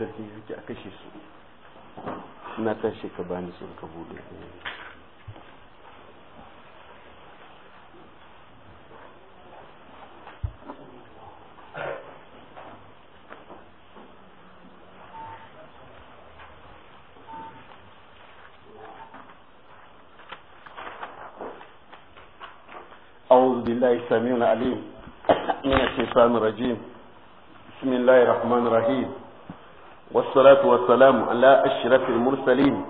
sarki suke a kashe su na tashi ka bani sun ka bude أعوذ بالله السميع العليم من الشيطان الرجيم بسم الله الرحمن الرحيم والصلاة والسلام على أشرف المرسلين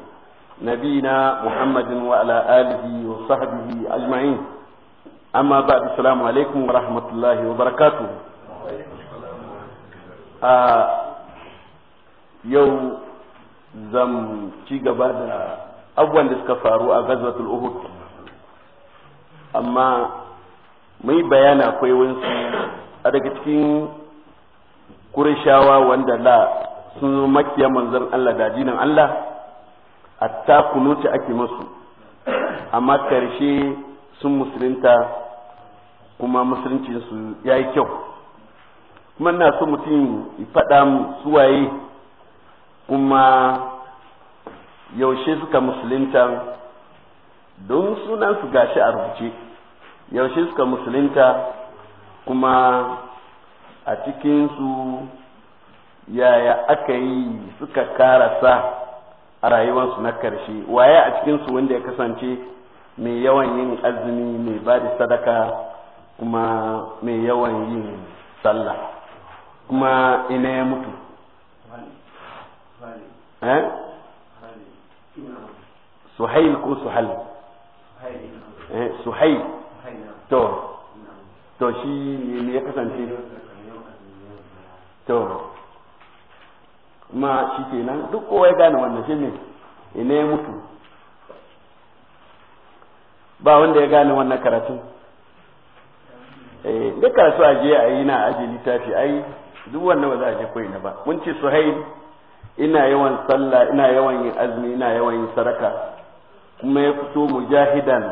نبينا محمد وعلى آله وصحبه أجمعين أما بعد السلام عليكم ورحمة الله وبركاته آه يوم زم ci بعد أول abubuwan da suka faru a mai bayana akwai wansu a daga cikin kurishawa wanda la sun zo makiya manzon Allah da dinin Allah hatta kunuci ake musu amma karshe sun musulunta kuma musulunci su yayi kyau kuma ina so mutum ya faɗa suwaye kuma yaushe suka musulunta don sunan su gashi a rubuce yaushe suka musulunta kuma a cikinsu yaya aka yi suka karasa a rayuwarsu na karshe waye a cikinsu wanda ya kasance mai yawan yin azumi mai ba da sadaka kuma mai yawan yin sallah kuma ina ya mutu eh? suhail ko suhail eh, suhail to to shi ne ya kasance to ma shi kenan duk kowa ya gane wannan shi ne ina ya mutu ba wanda ya gane wannan karatu eh duk karatu a je a yi na aje littafi ai duk wannan ba za a je koyi na ba mun ce suhail ina yawan sallah ina yawan yin azumi ina yawan yin saraka kuma ya fito mujahidan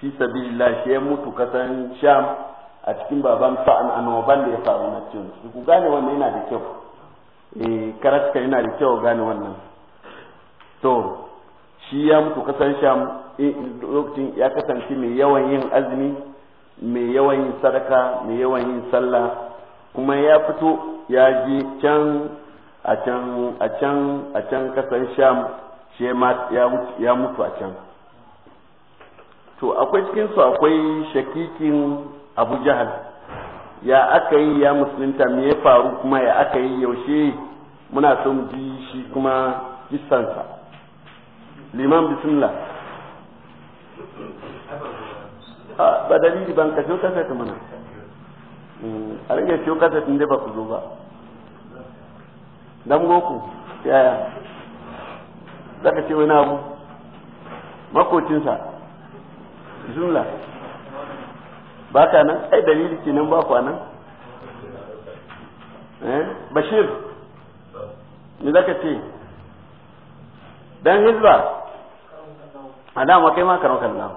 fi sabilillah shi ya mutu kasan sham a cikin baban sa'an annoban da ya faru na cin ku gane wannan yana da kyau eh karatuka yana da kyau gane wannan to shi ya mutu kasan sham eh, lokacin ya kasance mai yawan yin azumi mai yawan yin sadaka mai yawan yin sallah kuma ya fito ya je can a can a can a can kasan sham shi ya mutu a can to akwai cikinsu akwai shakikin abu jahal ya aka yi ya musulunta me ya faru kuma ya aka yi yaushe muna son ji shi kuma kissansa liman bismillah ba dalili ban ka ciyo kasata mana hmm, a rage ciyo kasata inda ba ku zo ba dan goku yaya zaka ce wani abu makocinsa bismillah ba ka nan ai dalili kenan ba ku nan eh? bashir ni zaka ce dan hizba alama kai ma karon kallon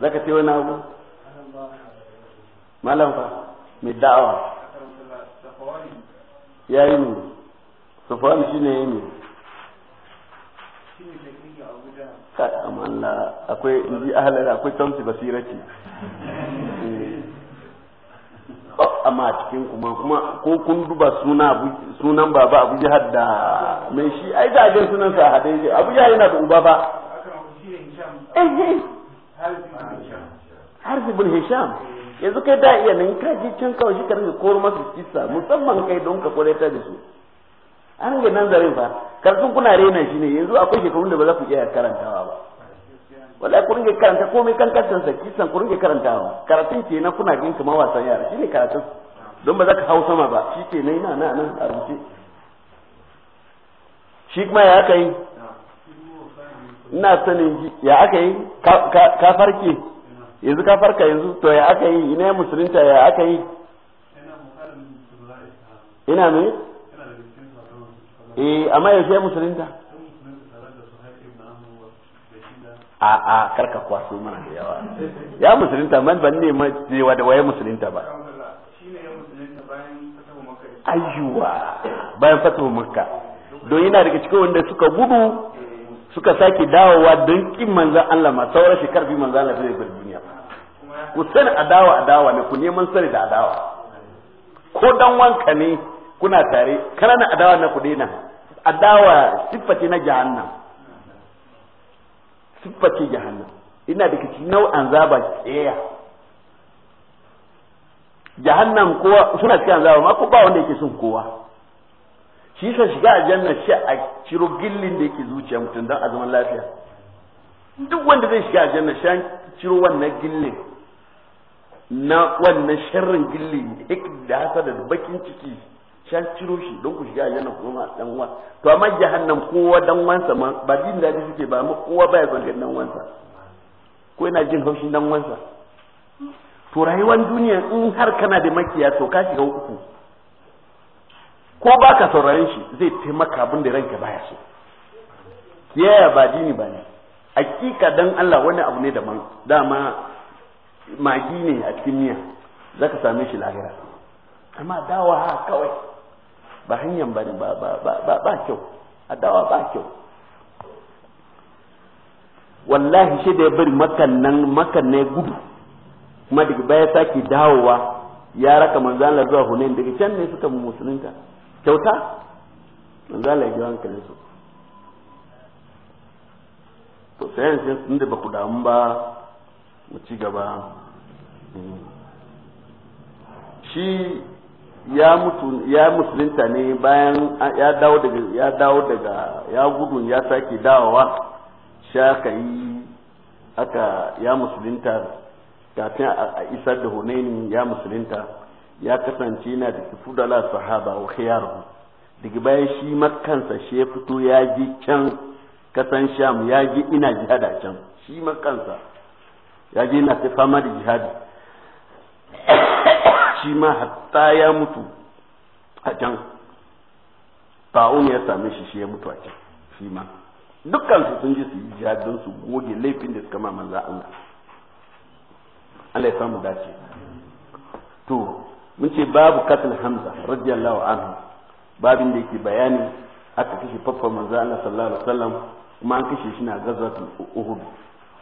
zaka ce wani abu malam fa mai da'awa yayi ne sufani shine yayi ne ka amalla akwai inji ahalar akwai tamsi basira ce eh, amma cikin kuma kuma ko kun duba sunan baba abu jihar da mai shi ai da ajiyar sunan sa hade yake abu jihar yana da uba ba eh, eh. harfi bin hisham yanzu kai da iya nan ka je can kawai shi ka rinka koro masu kisa musamman kai don ka kore ta da su an ga nan zarin fa karatun kuna rena shi ne yanzu akwai shekarun da ba za ku iya karantawa ba wala ku ringe karanta komai kan kasan sa kisan ku ringe karantawa karatun ke na kuna gin kamar wasan yara shine karatun don ba za ka hau sama ba shi ke na ina na nan a rubuce shi kuma ya aka yi ina sanin ya aka yi ka farke yanzu ka farka yanzu to ya aka yi ina musulunta ya aka yi ina mai. eh amma yanzu ya musulunta a a karka kwaso mana da yawa ya musulunta man ban ne ma wa da waye musulunta ba ayyuwa bayan fatahu makka don yana daga cikin wanda suka gudu suka sake dawowa don kin manzo Allah ma saura shekar bi manzo Allah zai bar duniya ku sani adawa adawa ne ku neman sani da adawa ko dan wanka ne kuna tare na adawa na kudi na adawa sifface na jahannam sifface jahannam ina da kici nau'an zaba tsaya jahannam kowa suna cikin zaba ma ko ba wanda yake son kowa shi sa shiga aljanna shi a ciro gillin da yake zuciya mutum don a zaman lafiya duk wanda zai shiga aljanna shi an ciro wannan gillin na wannan sharrin gillin da hasa da bakin ciki can ciro shi don ku shiga yana kuma dan uwa to amma jahannam kowa dan wansa ma ba jin daɗi suke ba amma kowa baya son dan wansa ko yana jin haushin dan wansa to rayuwar duniya in har kana da makiya to ka shiga uku ko ba ka shi zai taimaka abin da ranka baya so yaya ba dini ba ne hakika dan Allah wani abu ne daban dama magi ne a cikin miya zaka same shi lahira amma dawa kawai ba hanyar ba ba ba ba kyau adawa ba kyau wallahi shi da ya bari makan nan makan ne gudu kuma daga baya sake dawowa ya raka manzala zuwa hunayen daga can ne suka mu musulunta kyauta manzala ya ji hankalin su to sai sai sun da ba ku damu ba mu ci gaba hmm. shi ya mutu ya musulunta ne bayan ya dawo daga ya dawo daga ya gudun ya sake dawowa sha ka yi aka ya musulunta kafin a isar da hunainin ya musulunta ya kasance yana da kifudala sahaba wa khiyaru daga bayan shi makansa shi ya fito ya ji can kasan sham ya ji ina jihada can shi makansa ya ji ina ta fama da jihadi shi ma hatta ya mutu a can ta'un ya same shi shi ya mutu a can shi ma dukkan su sun ji su yi jihad don su goge laifin da suka ma za Allah Allah ya samu dace to mun ce babu katil hamza radiyallahu anhu babin da yake bayani aka kashe faffan manzo Allah sallallahu alaihi wasallam kuma an kashe shi na gazwatul uhud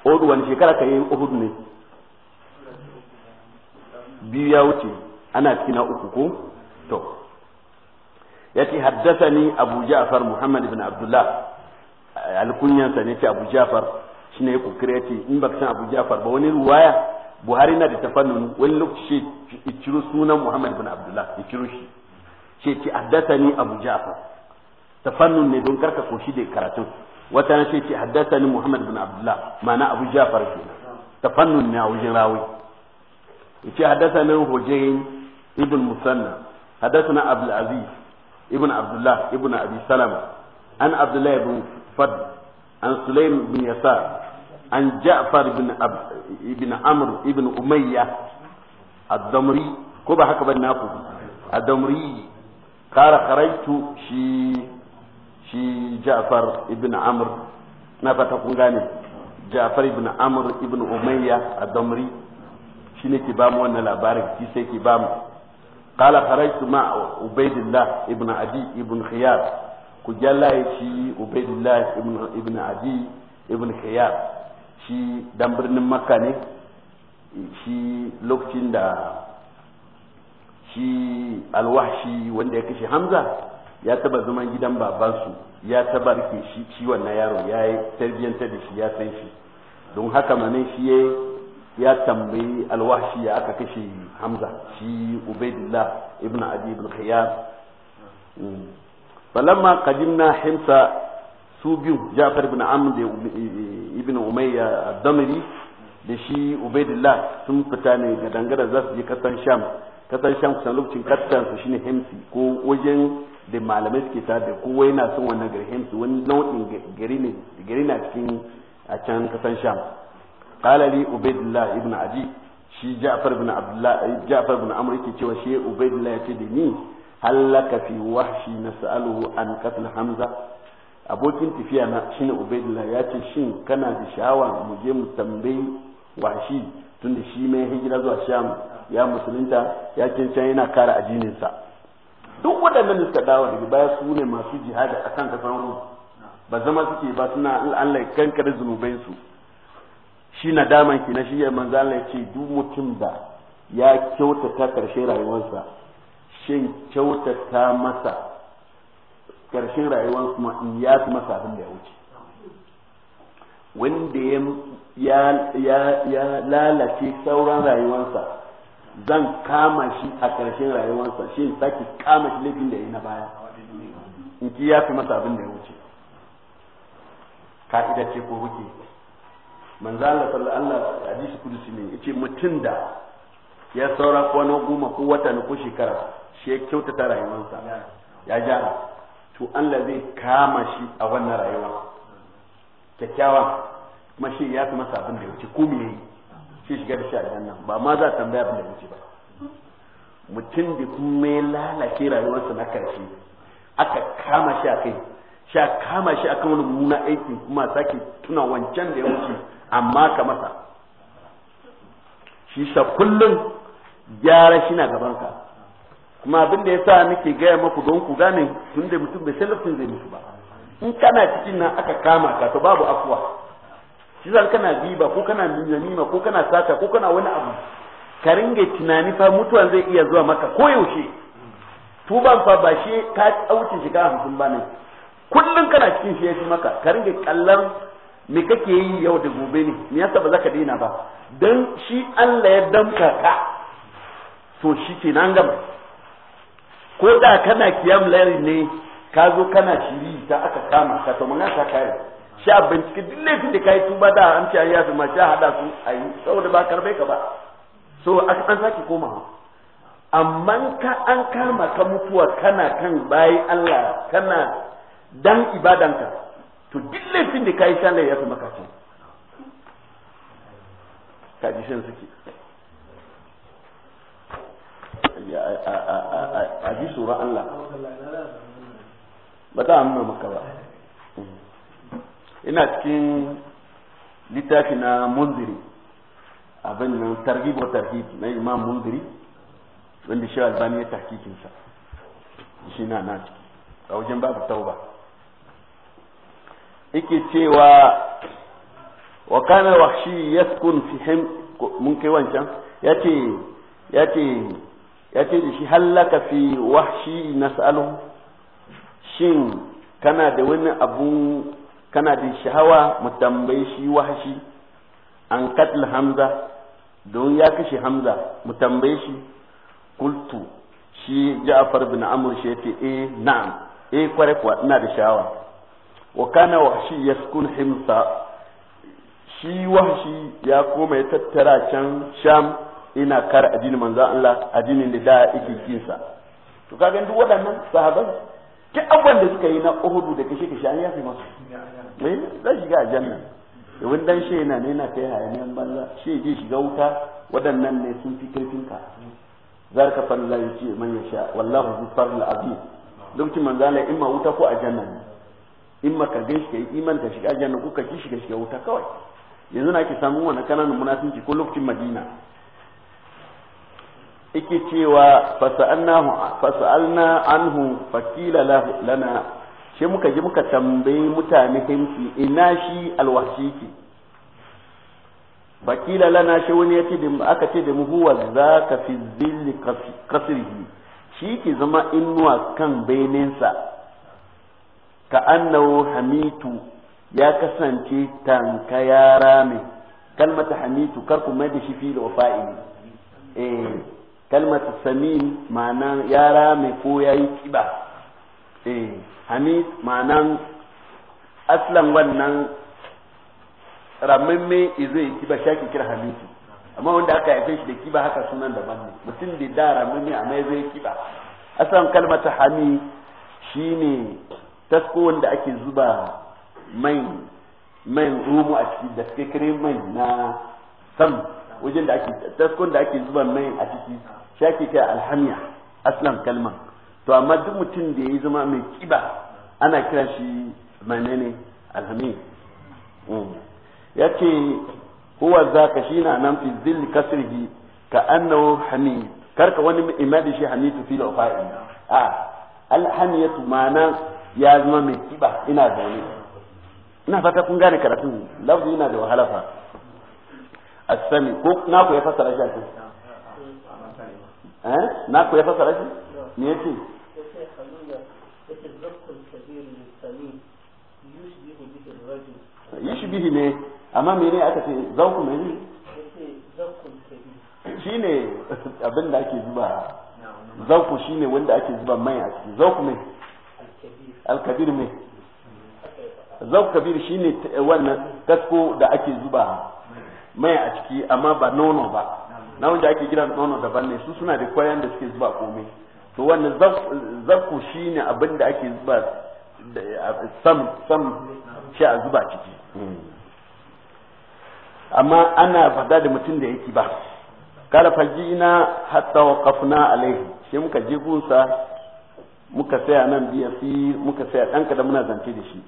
uhud wani shekara kai uhud ne biyu ya wuce ana cikin uku ko to yace haddathani abu ja'far muhammad ibn abdullah alkunyansa ne ce abu ja'far shine ya kokare in baka san abu ja'far ba wani ruwaya buhari na da tafannun wani lokaci ya sunan muhammad ibn abdullah shi ce haddathani abu ja'far tafannun ne don karka koshi da wata na ce haddathani muhammad ibn abdullah abu ja'far tafannun ne a wajen ابن مسنى حدثنا عبد العزيز ابن عبد الله ابن ابي سلمه عن عبد الله بن فضل عن سليم بن يسار عن جعفر بن أب... ابن عمرو ابن اميه الدمري كوبا هكا بناكو الدمري قال خرجت شي شي جعفر ابن عمرو نفتا كون Ja'far ibn Amr ibn Umayya ad-Damri shine ke ba mu wannan labarin shi sai ke ba mu قال خرجت مع عبيد الله ابن عدي ابن خيار كجلا شي عبيد الله ابن ابن عدي ابن خيار شي دان birnin makka shi lokacin da shi alwahshi wanda ya kashe hamza ya taba zaman gidan babansu ya taba rike shi shi wannan yaro ya yi tarbiyyantar da shi ya san shi don haka manin shi ya ya tambayi alwashi ya aka kashe hamza shi ubaidillah ibn abi ibn khiyar balamma mm. qadimna himsa su biyu jafar ibn amr da ibn umayya damiri da shi ubaidillah sun fita ne ga dangara za su je kasan sham kasan sham kusan lokacin kasan su shine himsi ko wajen da malamai suke ta da kowa yana son wannan gari himsi wani nau'in gari ne gari na cikin a can kasan sham qala li ubaidullah ibn aji shi ja'far ibn abdullah جعفر بن عمرو yake cewa shi yace da ni halaka fi wahshi nas'aluhu an qatl hamza abokin tafiya na shine ubaidullah yace shin kana da sha'awa mu je mu tambayi washi tunda shi mai hijira zuwa sham ya musulunta ya can yana kare ajininsa duk waɗannan da suka dawo daga baya su ne masu jihada a kan kasar ba zama suke ba suna Allah ya zunubai su. shi nadaman ki na shi ya manzo Allah ya ce duk mutum da ya kyautata karshe rayuwarsa shin kyautata masa karshen rayuwar kuma in ya fi masa abin da ya wuce wanda ya lalace sauran rayuwarsa zan kama shi a karshen rayuwarsa shi sake kama shi laifin da ya yi na baya in ki ya fi masa abin da ya wuce ka ce ko wuce manzo Allah sallallahu alaihi hadisi kudusi ne yace mutum da ya saura kwana goma ko wata ne ko shekara shi ya kyautata rayuwarsa ya jara to Allah zai kama shi a wannan rayuwa kyakkyawa kuma shi ya fi masa abin da ya wuce ko me yayi shi shiga da shi a nan ba ma za tambaya abin da ya wuce ba mutum da kuma ya lalace rayuwarsa na karshe aka kama shi a kai sha kama shi akan wani muna aiki kuma sake tuna wancan da ya wuce amma ka masa shi sa kullum gyara shi na gabanka kuma abin da ya sa nake gaya maku don ku gane tun da mutum bai salafin zai mutu ba in kana cikin nan aka kama ka to babu afuwa shi zan kana giba ko kana nima ko kana sata ko kana wani abu ka ringa tunani fa mutuwan zai iya zuwa maka ko yaushe tuban fa ba shi ka tsauce shiga hamsin ba ne kullum kana cikin shi ya fi maka ka ringa kallon me kake yi yau da gobe ne me yasa ba za ka daina ba dan shi Allah ya damka ka to shi ke nan gama ko da kana kiyam lari ne ka zo kana shiri ta aka kama ka to mun ka kare sha bincike duk laifin da kai tuba da an ce ya fi sha hada su ayi saboda ba karbe ka ba so an sake koma amma ka an kama ka mutuwa kana kan bayi Allah kana dan ibadanka to duk laifin da kai shan ya fi maka can ji shan suke a ji sura Allah ba ta amma maka ba ina cikin littafi na munziri abin nan targhib wa tarhib na imam munziri wanda shi albani ya tahkikinsa shi na na ciki a wajen babu tauba yake cewa wa kana wahshi yaskun fi him mun kai wancan yace yace yace da shi hallaka fi wahshi nas'alu shin kana da wani abu kana da shahawa mu tambaye shi wahshi an katla hamza don ya kashe hamza mu tambaye shi kultu shi ja'far bin amr shi yace eh na'am eh kware kwa ina da shahawa wa kana wahshi yaskun himsa shi wahshi ya koma ya tattara can sham ina kar addinin manzo Allah addinin da da yake kinsa to kaga duk waɗannan sahaban duk abubuwan da suka yi na Uhud da kashe kashe an yafi masu eh zai shiga aljanna wani dan shi yana ne na kai hayaniyan banza shi je shiga wuta waɗannan ne sun fi karfin ka zarka fa Allah yace man yasha wallahu zu fadl azim lokacin manzo Allah ma wuta ko a ne in maka gan shi kai iman ka shiga aljanna ko ka ki shiga wuta kawai yanzu na ake samun wani kananan munafinci ko lokacin madina yake cewa fasa'alnahu fasa'alna anhu fakila lana shi muka ji muka tambayi mutane himki ina shi alwashi ki bakila lana shi wani ce da aka ce da mu za ka fi zilli kasirhi shi ke zama inuwa kan bayanensa ka annahu hamitu ya kasance tanka ya rame kalmata hamitu kar ku mai da shi fi da fa'ili eh kalmata samin ma'ana ya rame ko ya yi kiba eh hamit ma'ana aslan wannan ramamme izo ya kiba shaki kira hamitu amma wanda aka haife shi da kiba haka sunan daban ne mutum da da ramamme amma ya ya kiba asan kalmata hami shine tasko wanda ake zuba mai mai rumu a ciki da kare mai na sam wajen da ake tasko da ake zuba mai a ciki shi ake kai alhamiya aslam kalma to amma duk mutum da ya zama mai kiba ana kira shi manene alhami mm. ya ce huwa zaka shi na nan fi zilli kasirhi ka annahu hamid karka wani imadi shi hamidu fi lafa'i a alhamiyatu ma'ana ya zama mai kiba ina zaune ina fata kun gane karatun lafzi ina da wahala fa asami ko na ku ya fasara shi akan eh na ku ya fasara shi me yace yushbihi ne amma mene aka ce zauku shi shine abin da ake zuba zauku shine wanda ake zuba mai a ciki zauku mai alkabir ne zau kabir ne eh, wannan tasko da ake zuba mai a ciki amma ba nono ba na wanda ake gina nono daban ne su suna da kwayan da suke zuba komai to wannan zakku ne abin da ake zuba sam sam shi a zuba ciki hmm. amma ana fada da mutum da yake ba kala fajina hatta waqafna alaihi sai muka je gunsa muka saya nan biya fi muka saya ɗan da muna zance da shi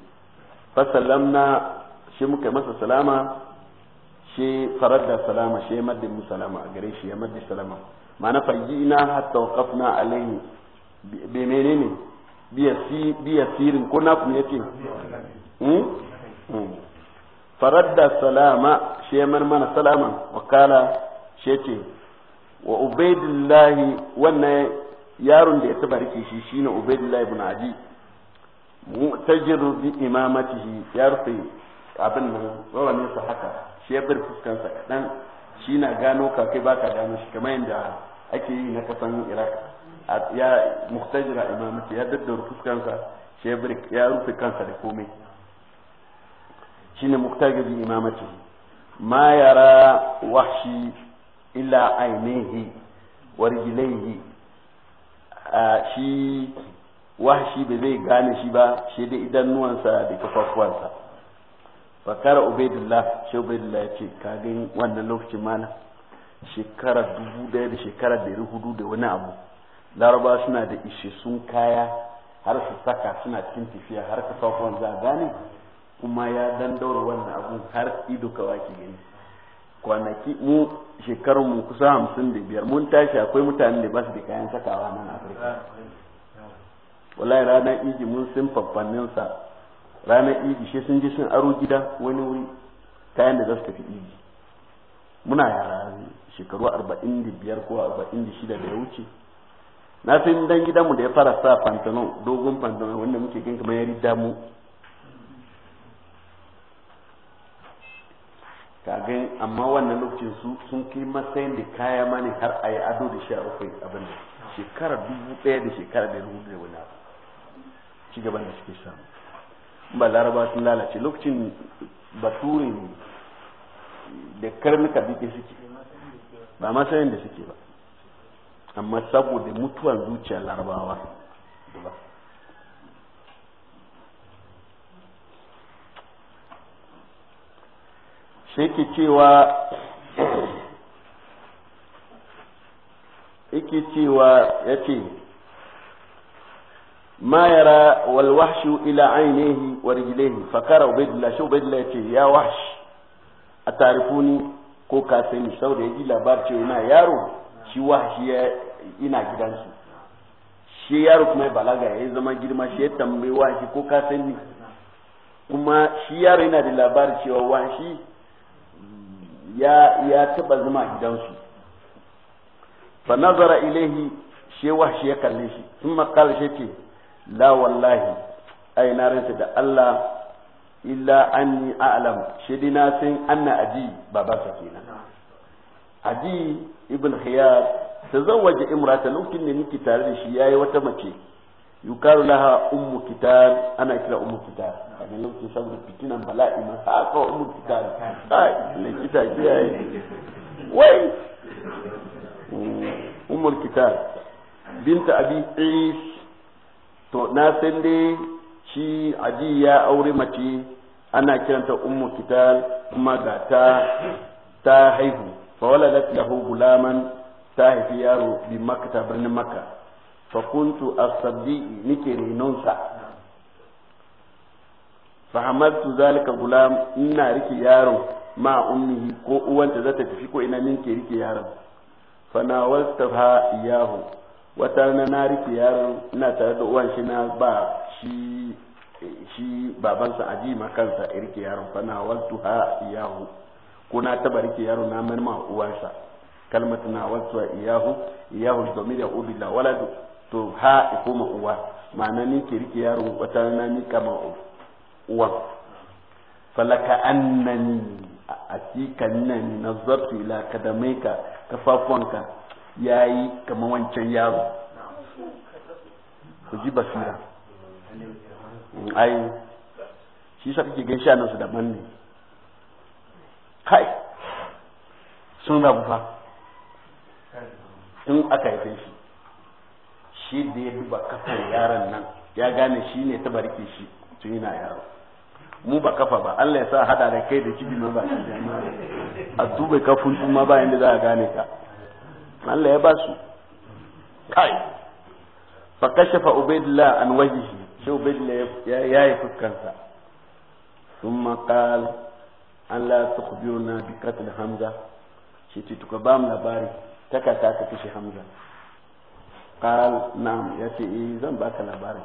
fasallamna shi muka masa salama shi farar da salama shi maddin mu salama a gare shi ya maddin salama ma'ana farjina hatta waqafna alaihi be menene biya fi biya sirin ko na kuma yace hmm? hmm. farar da salama shi ya mana salama wakala shi ce wa ubaidillahi wannan yaron da ya taba rike shi shine Ubaydullah ibn Adi mu'tajiru bi imamatihi ya rufe abin nan ne sa haka shi ya bar fuskan sa kadan shi na gano ka kai baka gano shi kamar yadda ake yi na kasan Iraq ya mu'tajira imamati ya daddara fuskan sa shi ya ya rufe kansa da komai shine mu'tajiru bi imamatihi ma yara wahshi illa ainihi wa rijlaihi shi wahashi ba zai gane shi ba shi da idanuwansa da kafafuwansa fakara ubaidullah shi ubaidullah ya ce kagin wannan lokacin mana shekara dubu daya da shekara dari hudu da wani abu laraba suna da ishe kaya har su saka suna cikin tafiya har kafafuwan za a gane kuma ya dandaura wannan abun har ido kawaki gani kwanaki mu shekarun mu kusa hamsin da biyar mun tashi akwai mutanen da ba su da kayan sakawa nan afirka wallahi ranar iji mun sun faffannin sa ranar iji shi sun ji sun aro gida wani wuri kayan da za su tafi iji muna yara shekaru arba'in da biyar ko arba'in da shida da ya wuce na san dan gidanmu da ya fara sa pantalon dogon pantalon wanda muke gin kamar ya rida mu kagan amma wannan lokacin su sun kai matsayin da kaya mani har a yi ado da shi a abin da shekara dubu ɗaya da shekara da dubu da wani abu ci gaban da suke samu ba laraba sun lalace lokacin bature da karnuka biɗe suke ba matsayin da suke ba amma saboda mutuwar zuciya larabawa ba sai ke cewa yake cewa ya ce ma yara walwashi ila ainihi wa fakara fa kara ubaidullah shi ubaidullah ya ce ya wahsh a tarifuni ko kasani sani saboda ya ji labar ce yana yaro shi wahshi ya ina gidansu shi yaro kuma ya balaga ya zama girma shi ya tambayi wahshi ko kasani kuma shi yaro yana da labar cewa wahshi ya ya taba zama gidansu fa nazara ilaihi shi wahshi ya kalle shi Sun makar shi ce la wallahi ai na rantsa da Allah illa anni a'lam shi dina sun anna aji baba sa kenan aji ibn khiyar tazawwaja imrata lokacin da nake tare da shi yayi wata mace yukaru laha ummu kitab ana kira ummu kitab kaga lokacin saboda fitinan bala'i ma haka ummu kitab ai likita kiyaye wai mm, ummu kitab binta abi is to na san dai shi aji ya aure mace ana kiranta ummu kitab kuma ga ta ta haihu fa waladat lahu gulaman ta haifi yaro bi makka birnin makka fakuntu asabbi nike renonsa fahamartu zalika gulam ina rike yaron ma ummihi ko uwanta zata tafi ko ina ninke rike yaron fanawalta ha iyahu wata rana na rike yaron ina tare da uwan shi na ba shi shi babansa aji ma kansa rike yaron fanawaltu ha iyahu ko na taba rike yaron na ma uwansa kalmatuna wasu iyahu iyahu domin ya ubi la waladu to ha ya koma uwa ma'ana ni ke rike yaron wata na ni kama uwa? falaka annani a cikin nan nazartu ila kadamaika kafafuwanka yayi kamar wancan yaro ku ji basira ai shi sa kake gaishe nan su daban ne kai sun rabu fa tun aka haife shi shi da ya duba kafar yaron nan ya gane shi ne ta barke shi tun yana yaro mu ba kafa ba Allah ya sa hada da kai da kibi ma ba shi a duba kafun ma ba inda za a gane ka Allah ya ba su kai fa kashafa ubaidillah an wajhihi shi ubaidillah ya yayi fuskansa thumma qala an la tukhbiruna bi qatl hamza shi tuka ba mu labari takata ta kashe hamza قال نعم يأتي إيه زن باك لباري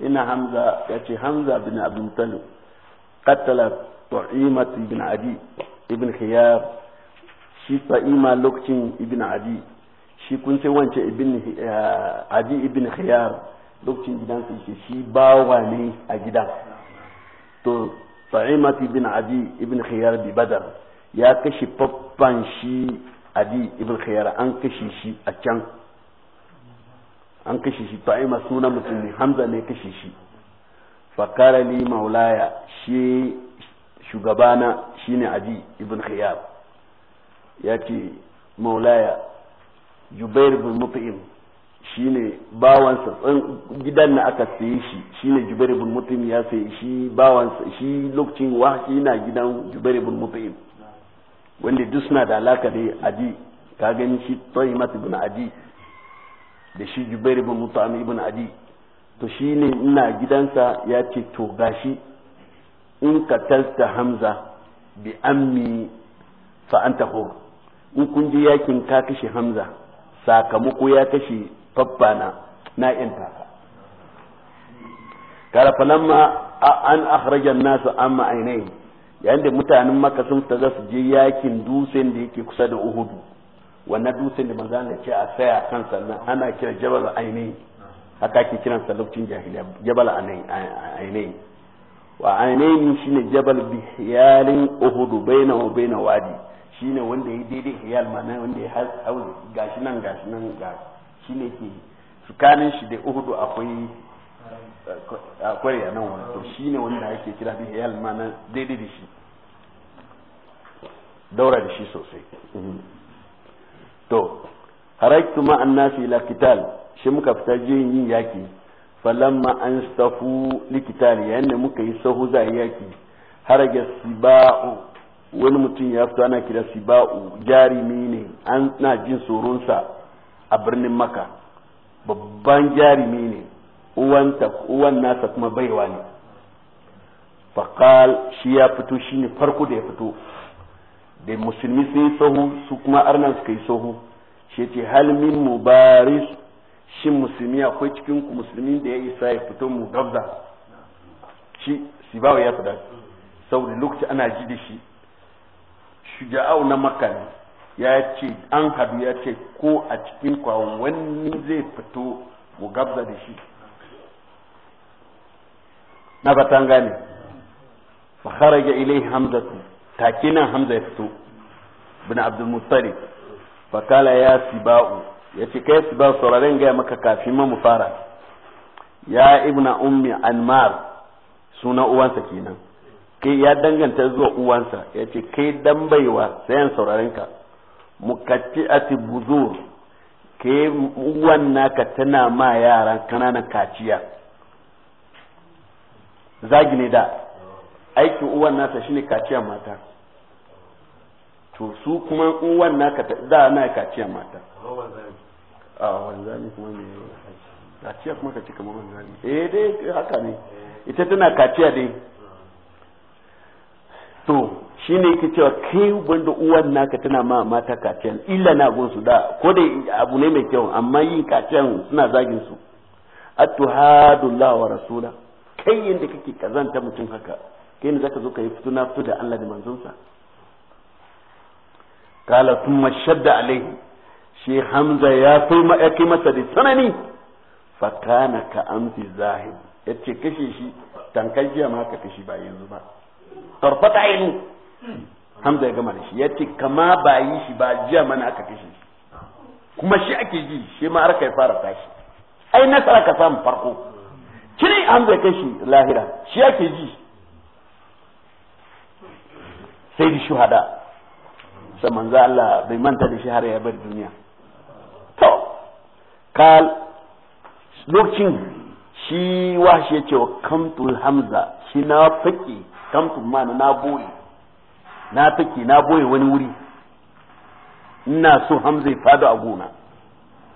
إن حمزة يأتي حمزة بن عبد المطلب قتل طعيمة بن عدي ابن خيار شي طعيمة لوكتين ابن عدي shi kun ce wance adi ibn khiyar lokacin gidansa yake shi bawa ne a gidan to sa'imat ibn adi ibn khiyar bi badar ya kashe faffan shi adi ibn khiyar an kashe shi a can an kashe shi to ai suna mutum ne hamza ne kashe shi fakara li maulaya shi shugabana shine aji ibn khiyab ya ce maulaya jubair bin mut'im shine bawansa gidan na aka saye shi shine jubair bin mut'im ya saye shi bawansa shi lokacin shi na gidan jubair bin mut'im wanda duk suna da alaka da aji ka gani shi tayyimat bin aji da shi jubair ibn mut'im ibn adi to shine ina gidansa ya ce to gashi in ka tasta hamza bi ammi fa anta hur in kun je yakin ka kashe hamza sakamako ya kashe babba na yanta ka kara falamma an akhrajan nasu amma ainai yayin da mutanen maka sun fita za su je yakin dutsen da yake kusa da uhudu wannan dutsen da manzan da ce a tsaya kan sannan ana kira jabal ainihi haka ake kiran sa lokacin jahiliya jabal ainihi wa ainihi shine jabal bihyalin uhud baina wa baina wadi shine wanda ya daidai hiyal mana wanda ya hauzi gashi nan gashi nan ga shine ke tsakanin shi da uhud akwai akwai a nan wani to shine wanda ake kira bihiyal mana daidai da shi daura da shi sosai to haraitu ma annasi ila qital shi muka fita jin yin yaki falamma an safu likital yayin da muka yi sahu za yaki harage siba'u wani mutum ya fito ana kira siba'u jarimi ne an na jin tsoronsa a birnin maka babban jarimi ne uwan nasa kuma baiwa ne faƙal shi ya fito shi ne farko da ya fito da musulmi sun yi sahu su kuma arnan suka yi sahu shi ce halmin mubaris shin musulmi akwai cikin ku musulmi da ya isa ya fito mu gabza shi si wa ya fada saboda lokaci ana ji da shi shuja'au na makka ya ce an hadu ya ce ko a cikin kwawon wani zai fito mu gabza da shi na fatan gane fa kharaja ilai hamzatu take hamza ya fito bin abdul muttalib fakala ya siba'u ya ce kai siba'u sauraren gaya maka kafin mu fara ya ibna ummi anmar suna uwansa kenan kai ya danganta zuwa uwansa ya ce kai dan baiwa sayan sauraren ka mukatti ati buzur kai uwan naka tana ma yaran kananan kaciya zagi ne da aikin uwan nasa shine kaciya mata to su kuma uwan naka ta da na kaciya mata a wanzami kuma me kaciya kuma kaci kamar wanzami eh dai haka ne eh. ita tana kaciya dai to shi ne yake cewa kai banda uwan naka tana ma mata kaciyan illa na gun su da ko da abu ne mai kyau amma yin kaciyan suna zagin su atuhadullah wa rasula kai yanda kake kazanta mutum haka kai ne zaka zo ka yi fituna fito da Allah da manzonsa kala thumma shadda alaihi shi hamza ya kai ma masa da tsanani fa ka amsi zahid yace kashe shi tankan jiya ma haka kashe ba yanzu ba tarfata ainu hamza ya gama da shi yace kama ba yi shi ba jiya mana aka kashe shi kuma shi ake ji shi ma arka ya fara tashi ai nasara ka samu farko kiri hamza ya kashe lahira shi ake ji sai da shuhada saman manzo Allah bai manta da shi har ya bar duniya to kal lokacin shi washi ya ce wa kamtul hamza shi na fake kamtul ma na boye na fake na boye wani wuri ina so hamza ya fado a gona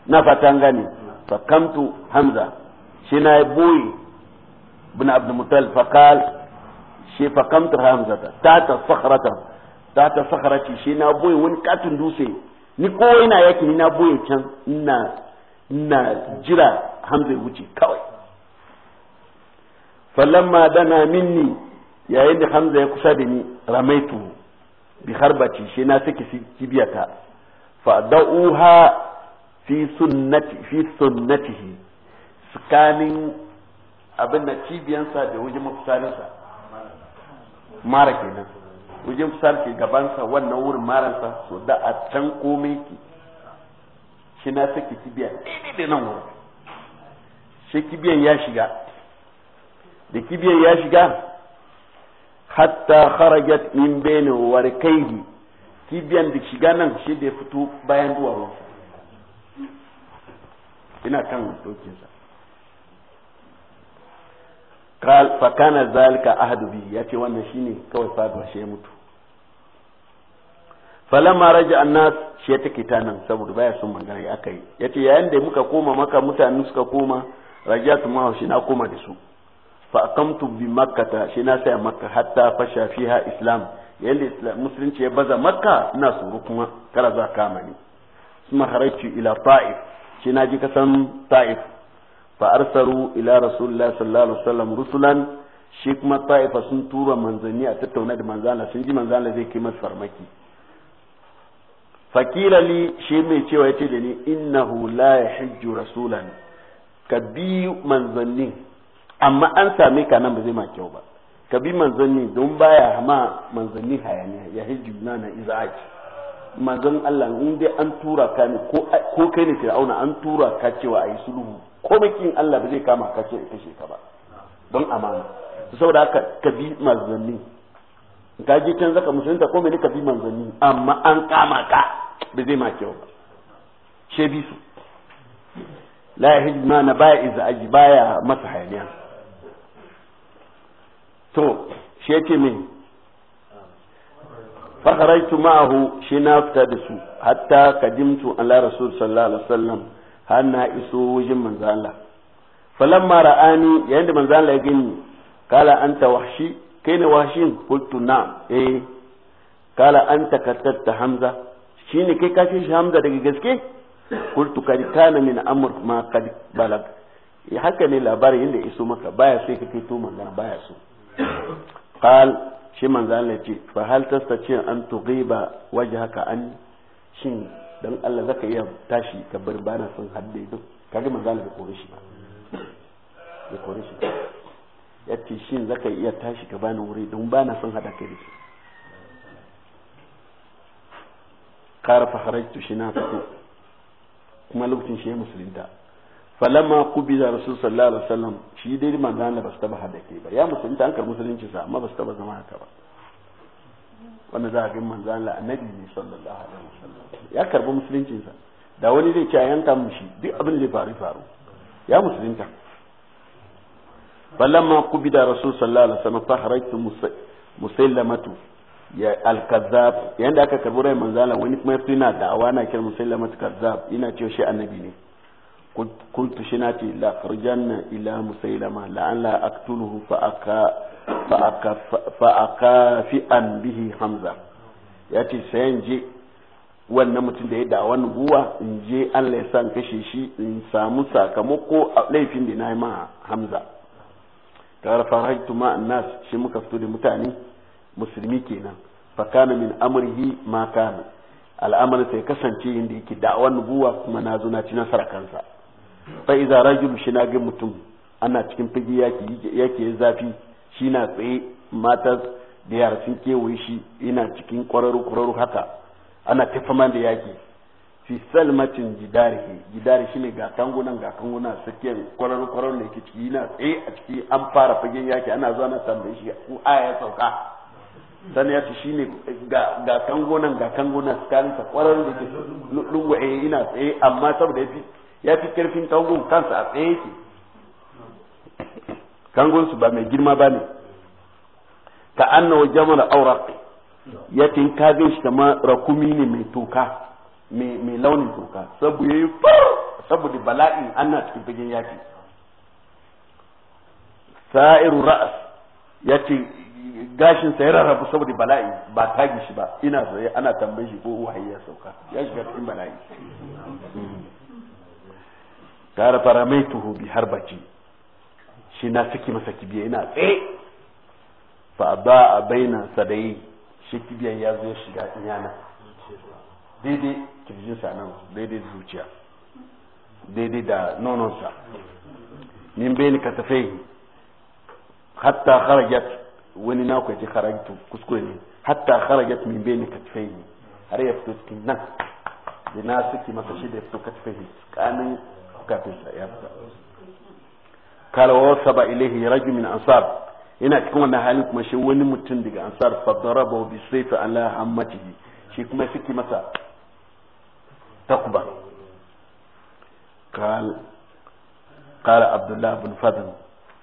na fata gane fa kamtu hamza shi na boye bin abdul mutal kal shi fa kamtul hamza ta ta sakhrata za ta sakara ce shi na boye wani katin dutse ni ko ina yaki ni na boye can ina ina jira hamza wuce kawai ma dana minni yayin da hamza ya kusa da ni ramaitu bi harbaci shi na saki kibiyata fa da'uha fi sunnati fi sunnatihi tsakanin abin da cibiyansa da wajen mafitarinsa mara kenan wajen sarki gabansa wannan wurin maransa so da a can komai ki shi na saki kibiya daidai da nan wurin shi kibiyan ya shiga da kibiyan ya shiga hatta kharajat min bayni rakaihi kibiyan da shiga nan shi da ya fito bayan duwawansa ina kan dokinsa fakana zalika ahadu bi ya ce wannan shine kawai faduwa shi ya mutu falamma raja annas shi ya take ta nan saboda baya son magana ya kai yi ya ce yayin da muka koma maka mutane suka koma rajatu ma shi na koma da su fa aqamtu bi makkata shi na saya makka hatta fasha fiha islam yanda musulunci ya baza makka ina tsoro kuma kada za kama mani kuma haraitu ila ta'if shi na ji kasan ta'if fa arsaru ila rasulillah sallallahu alaihi wasallam rusulan shi kuma ta'ifa sun tura manzanni a tattauna da manzana sun ji manzana zai kai masa farmaki fakila li shi mai cewa yace da ni innahu la ya rasulan ka bi manzannin amma an same ka nan ba zai ma kyau ba ka bi manzanni don baya ma manzanni hayaniya ya hijju na na iza'aki manzan Allah in dai an tura ka ne ko kai ne fir'auna an tura ka cewa ayi sulhu ko makin Allah ba zai kama ka ce ita ka ba don amana saboda haka ka bi manzanni ka je can zaka musulunta ko ne ka bi manzanni amma an kama ka ba zai ma kyau ba she bi su la hijma na baya iza aji baya masa hayaniya to she ce min fakharaitu ma'ahu shi na fita da su hatta kadimtu ala rasul sallallahu alaihi wasallam har na iso wajen manzo Allah falamma ra'ani yayin da manzo Allah ya gani kala anta wahshi kai ne washin kultu na eh kala an ta hamza shine kai kafin shi hamza daga gaske kultu kadi kana min amr ma kad balag ya eh, haka ne labarin inda iso maka baya sai ka kai to magana baya so qal shi manzo Allah ce fa hal tastaci an tughiba wajhaka an shin dan Allah zaka iya tashi ka bar bana son hadde duk kage manzo Allah bai kore shi ba kore shi ya ce shin zaka iya tashi ka bani wuri don ba na son hada kai da shi kara faharaitu shi na fito kuma lokacin shi ya musulunta falamma kubida rasul sallallahu alaihi wasallam shi dai manzo Allah ba su taba hada kai ba ya musulunta an kar musulunci sa amma ba su taba zama haka ba wannan za a ga manzo Allah annabi ne sallallahu alaihi wasallam ya karbi musuluncin sa da wani zai ci a yanka mushi duk abin da ya faru faru ya musulunta فلما قبض رسول صلى الله عليه وسلم فخرجت مسلمة ya alkazab yanda aka karbi rai manzala wani kuma yafi na da'awa na kiran musallama kazzab ina cewa shi annabi ne kuntu shi na ce la farjanna ila musallama la an la aktuluhu fa aka fa aka fa aka fi an bihi hamza ya ce sayan je wannan mutum da ya da wani guwa in je Allah ya san kashe shi in samu sakamako a laifin da na yi ma hamza kawar farajtu ma annas shi muka fito da mutane musulmi kenan fakana min amrihi ma kana al'amarin sai kasance inda yake da'awar nubuwa kuma na zo na ci nasara kansa fa idza rajul shi na ga mutum ana cikin fage yake yake zafi shi na tsaye mata da yara sun kewaye shi yana cikin kwararu kwararu haka ana tafaman da yaki fi salmatin jidarihi jidari shine ga kangunan ga kanguna tsakiyar kwararru kwararru ne yake ciki na tsaye a ciki an fara fagen yaki ana zuwa na tambaye shi ko aya ya sauka dan ya ce shine ga kangunan ga kanguna tsakanin sa kwararru da yake eh ina tsaye amma saboda ya fi ya fi karfin kangun kansa a tsaye yake kangun su ba mai girma ba ne ka annawa jamala auraqi yakin ka shi kamar rakumi ne mai toka mai launin toka sabu ya yi saboda bala'in ana cikin fagen yaki sa'iru ra'as ya ce gashin sa ya rarrabu saboda bala'i ba tagi shi ba ina zai ana tambaye shi ko wahayi ya sauka ya shiga cikin bala'i kara faramaitu bi Baci shi na saki masa kibiya ina tsaye fa ba a baina sadai shi kibiyan ya zo shiga iyana daidai kirjinsa nan daidai zuciya daidai da nononsa min ka tafai hatta kharajat wani na kwace kharajtu kuskure ne hatta kharajat min ka tafai har ya fito cikin nan da na suke masa shi da ya fito katafai kanin sa ya fita kala wa saba ilahi Raju min ansar ina cikin wannan halin kuma shi wani mutum daga ansar fadaraba bi sayfi ala hammatihi shi kuma suke masa تقبل قال قال عبد الله بن فضل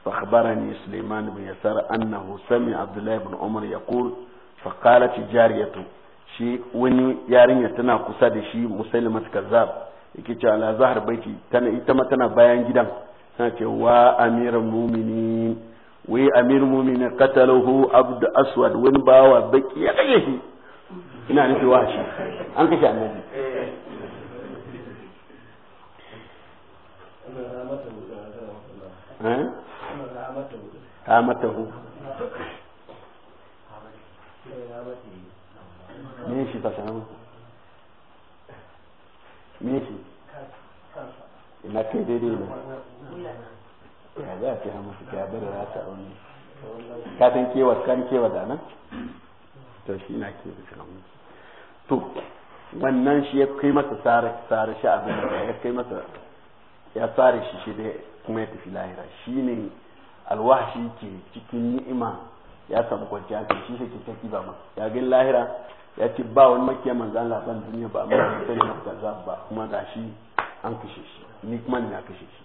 فأخبرني سليمان بن يسار أنه سمع عبد الله بن عمر يقول فقالت جاريته شي وني yarinya tana kusa da shi كذاب kazzab yake cewa ala zahar baiti tana ita ma tana bayan gidan tana ce wa amiran muminin wai amir muminin qatalahu abd aswad wani bawa baki ya shi ina nufi shi an kashe annabi Eh? amatahu shi ba sanar shi ina kai daidai ne ya za a ce su ya bari wani kewa kan kewa da nan to shi na ke da sanar to wannan shi ya kai masa tsare shi abin da ya kai masa ya shi shi dai kuma ya tafi lahira shi ne alwashi ke cikin ni'ima ya samu kwanciya hankali shi yake ta ba ma ya gani lahira ya ce ba wani makiya manzan laban duniya ba amma ya sani na ba kuma ga shi an kashe shi ni kuma ni ya kashe shi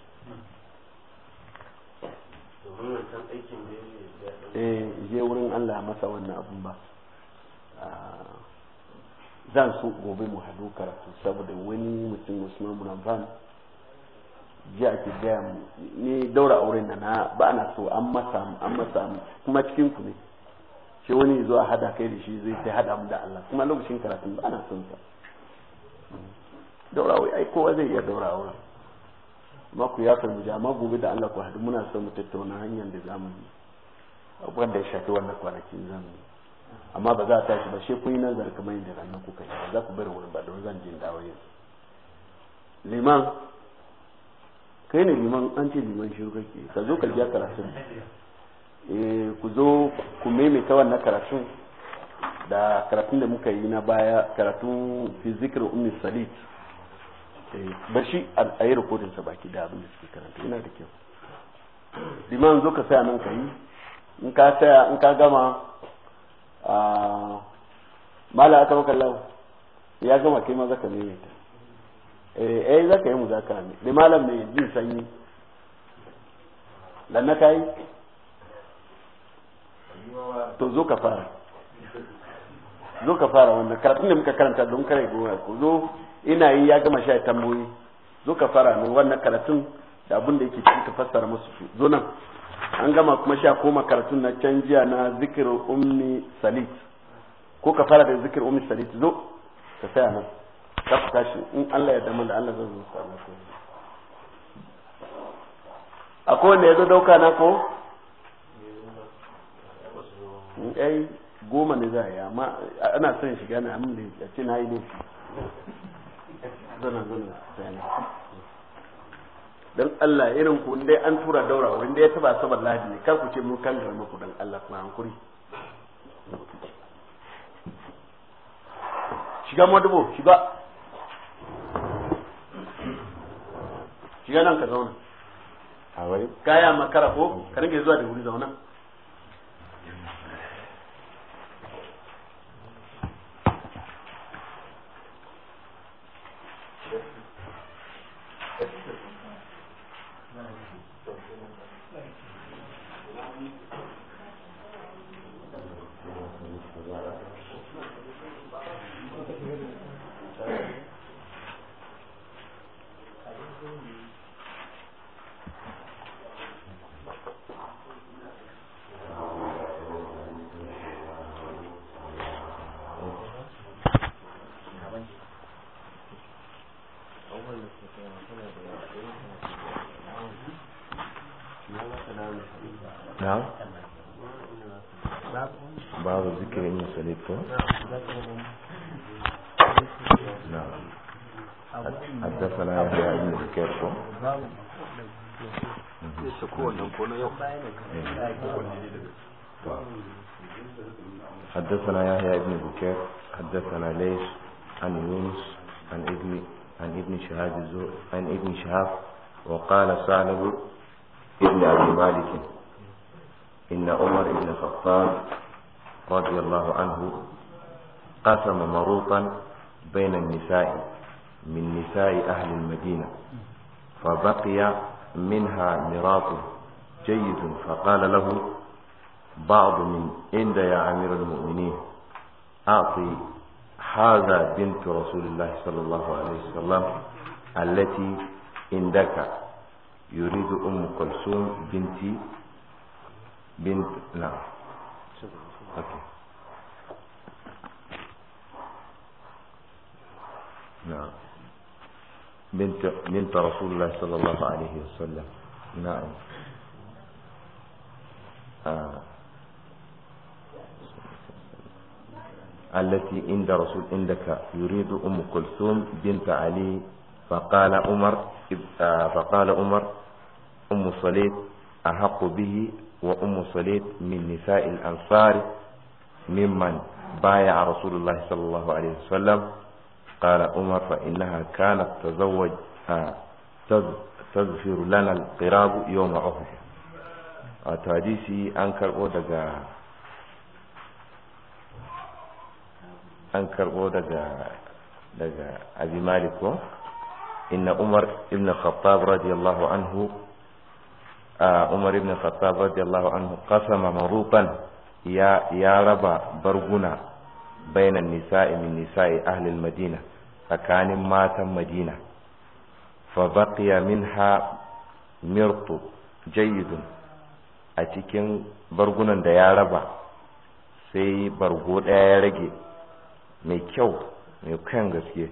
eh je wurin Allah masa wannan abun ba ah, zan so gobe mu haɗu karatu saboda wani mutum Usman Munafan jiya ke gaya mu ni daura auren na na ba na so an masa an masa kuma cikin ku ne shi wani zo a hada kai da shi zai sai hada mu da Allah kuma lokacin karatun ba na son sa daura wai ai kowa zai iya daura auren amma ku ya mu jama'a gobe da Allah ku hadu muna son mu tattauna hanyar da zamu bi abubuwan da ya shafi wannan kwanakin zamu yi amma ba za a tashi ba shi kun yi nazar kamar yadda ranar kuka yi za ku bari wurin ba don zan jin dawo yin liman kai ne liman an ce liman shiru kake ka zo ka biya karatun eh, ku zo ku maimaita wannan karatun da karatun da muka yi na baya karatun fi zikr ummi salit eh, ba shi a yi rikodin sa baki da abin da suke karanta yana da kyau liman zo ka saya nan ka yi in ka saya in ka gama a ah, mala aka maka lau ya gama kai ma za ka maimaita Eh, eh za ka yi muzakara ne da malam mai jin sanyi lanna ka yi to zo ka fara zo ka fara wannan karatun da muka karanta don kare goma ku zo ina yi ya gama sha tamboyi zo ka fara ne wannan karatun da abin da yake cikin ka fassara musu su zo nan an gama kuma sha koma karatun na canjiya na zikirin ummi salit ko ka fara da zikirin ummi salit zo ka saya nan za ku in Allah ya damu da Allah zai zo samu ku akwai wanda ya zo dauka na ko ai goma ne za a yi amma ana son shiga na amma da ce na yi ne zana zana sayana dan Allah irin ku dai an tura daura wurin da ya taba sabar ladi ne kar ku ce mun kan garma ku dan Allah kuma hankuri shiga madubo shiga shiga nan ka zauna kaya makara ko ka rinka zuwa da wuri zauna نعم بعض ذكر المساليب نعم حدثنا يحيى بن بكير حدثنا يحيى بن بكير حدثنا ليش عن يونس عن ابن عن ابن شهاب عن ابن شهاب وقال ثعلب ابن أبي مالك إن عمر بن الخطاب رضي الله عنه قسم مروطا بين النساء من نساء أهل المدينة فبقي منها مراط جيد فقال له بعض من عند يا أمير المؤمنين أعطي هذا بنت رسول الله صلى الله عليه وسلم التي عندك يريد أم كلثوم بنتي بنت نعم أوكي. نعم بنت بنت رسول الله صلى الله عليه وسلم نعم آه. التي عند رسول عندك يريد أم كلثوم بنت علي فقال عمر آه، فقال عمر أم صليت أحق به وأم صليت من نساء الأنصار ممن بايع رسول الله صلى الله عليه وسلم قال عمر فإنها كانت تزوج آه، تغفر لنا القراب يوم أحد a أنكر an an karbo daga daga abi malik ko inna umar ibn khattab radiyallahu anhu umar ibn khattab radiyallahu anhu qasama marufan ya ya raba barguna bainan nisa'i min nisa'i ahli madina tsakanin matan madina fa baqiya minha mirtu jayyidun a cikin bargunan da ya raba sai bargo ɗaya ya rage mai kyau mai kyan gaske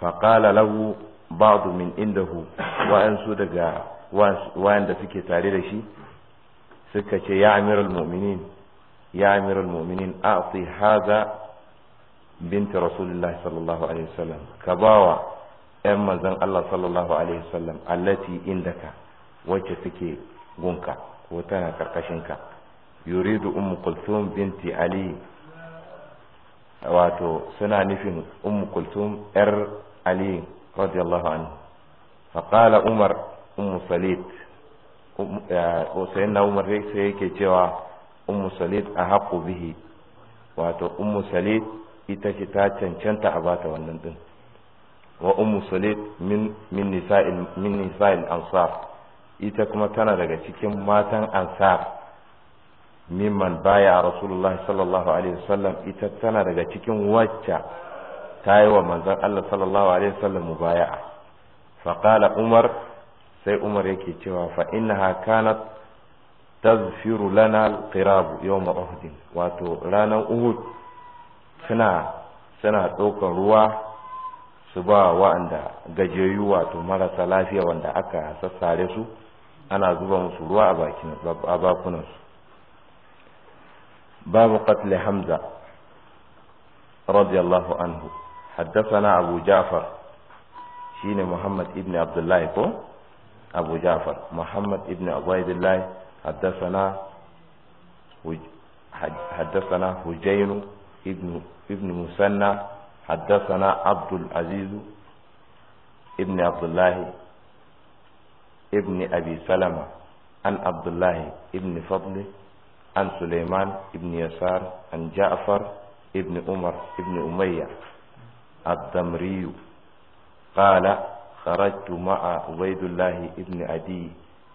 faƙala lahu ba'du min indahu wa'ansu daga wa'anda suke tare da shi suka ce ya amiral mu'minin ya amiral mu'minin a'ti haza binti rasulullahi sallallahu alaihi wasallam ka bawa ‘yan manzon Allah sallallahu Alaihi wasallam allati indaka wacce suke gunka ko tana karkashinka yuridu ummu kulthum binti ali wato suna nufin ummu kultum yar ali radiyallahu anhu qala umar ummu sai um, eh, na umar sai yake cewa ummu salit a haƙo bihi wato ummu salit ita ce ta cancanta a bata wannan din wa ummu salit min min nisa'il ansar ita kuma tana daga cikin matan ansar mimman baya rasulullahi sallallahu alaihi wasallam ita tana daga cikin wacce ta yi wa manzon Allah sallallahu alaihi wasallam mubaya'a fa qala umar sai umar yake cewa fa innaha kanat tazfiru lana alqirab yawm uhud wato ranar uhud suna suna ɗaukar ruwa su ba wa'anda gajeyu wato marasa lafiya wanda aka sassare su ana zuba musu ruwa a bakunansu باب قتل حمزة رضي الله عنه حدثنا أبو جعفر شين محمد ابن عبد الله كو أبو جعفر محمد ابن عبيد الله حدثنا حدثنا حجين ابن ابن مسنى حدثنا عبد العزيز ابن عبد الله ابن أبي سلمة عن عبد الله ابن فضله عن سليمان ابن يسار عن جعفر ابن عمر ابن أمية الدمري قال خرجت مع عبيد الله ابن عدي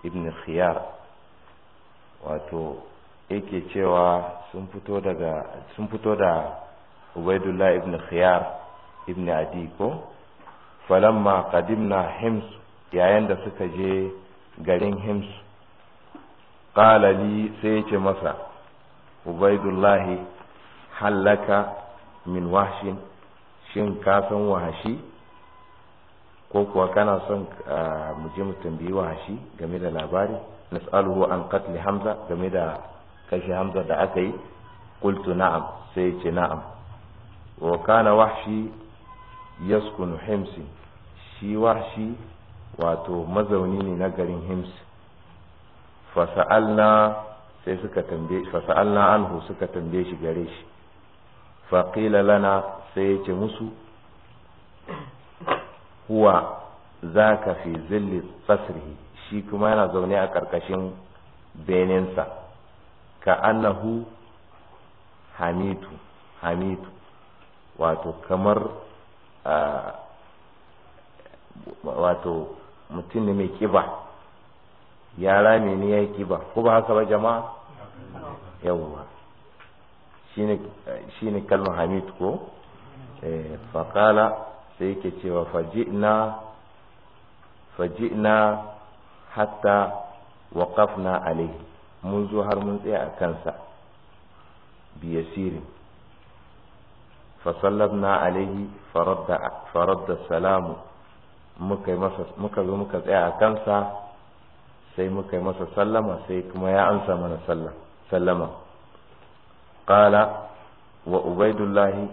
ابن خيار واتو cewa sun fito daga sun fito da Ubaidullah ibn Khiyar ibn Adi ko falamma qadimna Hims yayin da suka je garin Hims qala li sai yace masa ubaidullahi hallaka min wahshin shin ka san wahashi ko kuwa kana son mu je mu tambayi wahashi game da labari nas'aluhu an qatli hamza game da kashe hamza da aka yi qultu na'am sai yace na'am wa kana wahshi yaskunu himsi shi wahshi wato mazauni ne na garin hims fasa'alna sai suka tambaye fasa'alna anhu suka tambaye shi gare shi faƙila lana sai ya ce musu huwa za ka fi zilli tsasrihi shi kuma yana zaune a ƙarƙashin benensa ka annahu hamitu hamitu wato kamar ah, wato mutum ne mai kiba yara ne ya yi kiba ko ba haka ba jama'a yawwa shi ne kalmar hamid ko eh, faƙala sai yake cewa faji'na na hatta na alaihi mun zo har mun tsaya a kansa biyasirin fasallabna alaihi faradda salamu muka zo muka tsaya a kansa sai muka yi masa sallama sai kuma ya ansa mana sallama qala wa ubaidullahi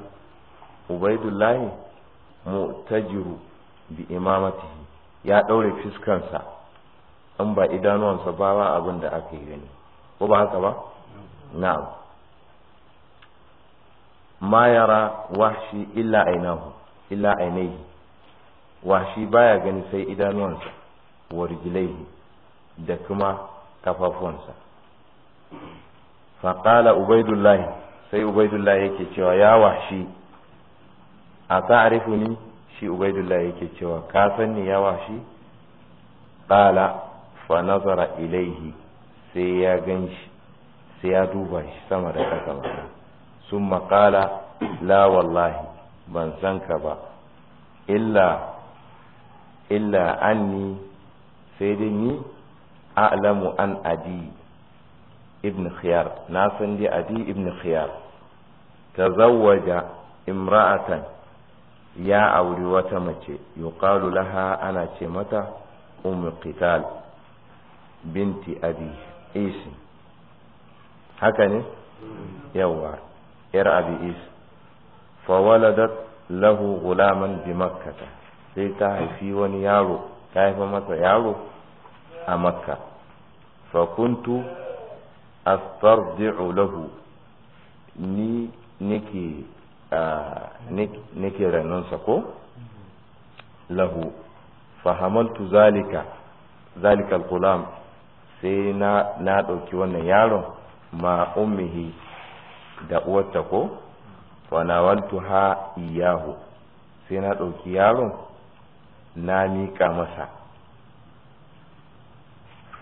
ubaidullahi mu'tajiru bi imamatihi ya daure fiskansa an ba idanuwansa ba ba abin da aka yi gani ko ba haka ba na'am ma yara wahshi illa ainahu illa ainihi wahshi baya gani sai idanuwansa wa da kuma kafafuwansa faƙala ubaidullahi sai ubaidullahi yake cewa ya washi a ta'arifu ni shi ubaidullahi yake cewa ka sanni ya washi ƙala fa nazara ilaihi sai ya gan shi sai ya duba shi sama da ƙasa ba sun maƙala la wallahi ban san ka ba illa illa anni sai dai ni a'lamu an adi ibn khiyar na san dai adi ibn khiyar tazawwaja imra'atan ya auri wata mace yuqalu laha ana ce mata ummu qital binti abi isi haka ne yawa yar abi isi fawaladat lahu gulaman bi makkata sai ta haifi wani yaro ta haifa mata yaro a makka fakuntu astardi'u lahu ni nake nake sa ko lahu fahamaltu zalika zalika alqulam sai na na ɗauki wannan yaron ma ummihi da uwarta ko wantu ha iyahu sai na dauki yaron na miƙa masa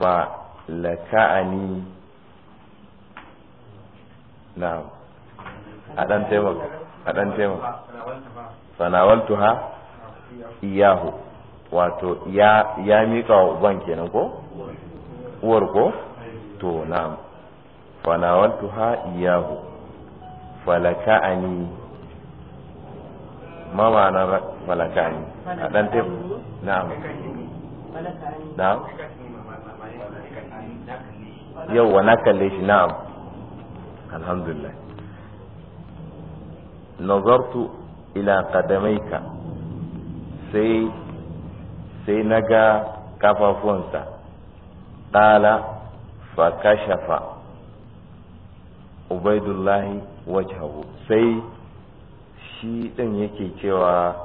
falaka'ani na'am a dan taimaka a dan taimaka fanawaltuha iyahu wato ya ya mika wa uban kenan ko uwar ko to na'am ha iyahu falaka'ani ma ma'anar falaka'ani a dan taimaka na'am na'am yau wa na kalle shi na'am alhamdulillah nazartu ila qadamaika sai sai naga kafafunsa qala fa kashafa ubaidullahi wajhahu sai shi din yake cewa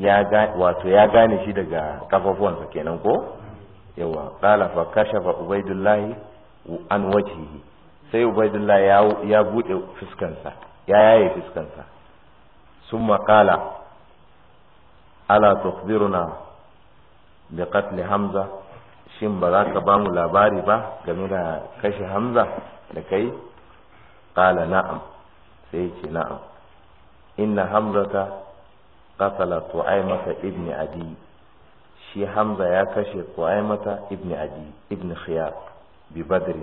ya wato ya gane shi daga kafafuwansa kenan ko yawa qala fa kashafa ubaidullahi an wajihi sai ubaidullah ya ya bude fuskansa ya yaye fuskansa summa qala ala tukhbiruna bi qatl hamza shin ba za ka ba mu labari ba game da kashe hamza da kai qala na'am sai ce na'am inna hamzata qatala tu'aymata ibni adi shi hamza ya kashe tu'aymata ibni adi ibni khiyar bi badrin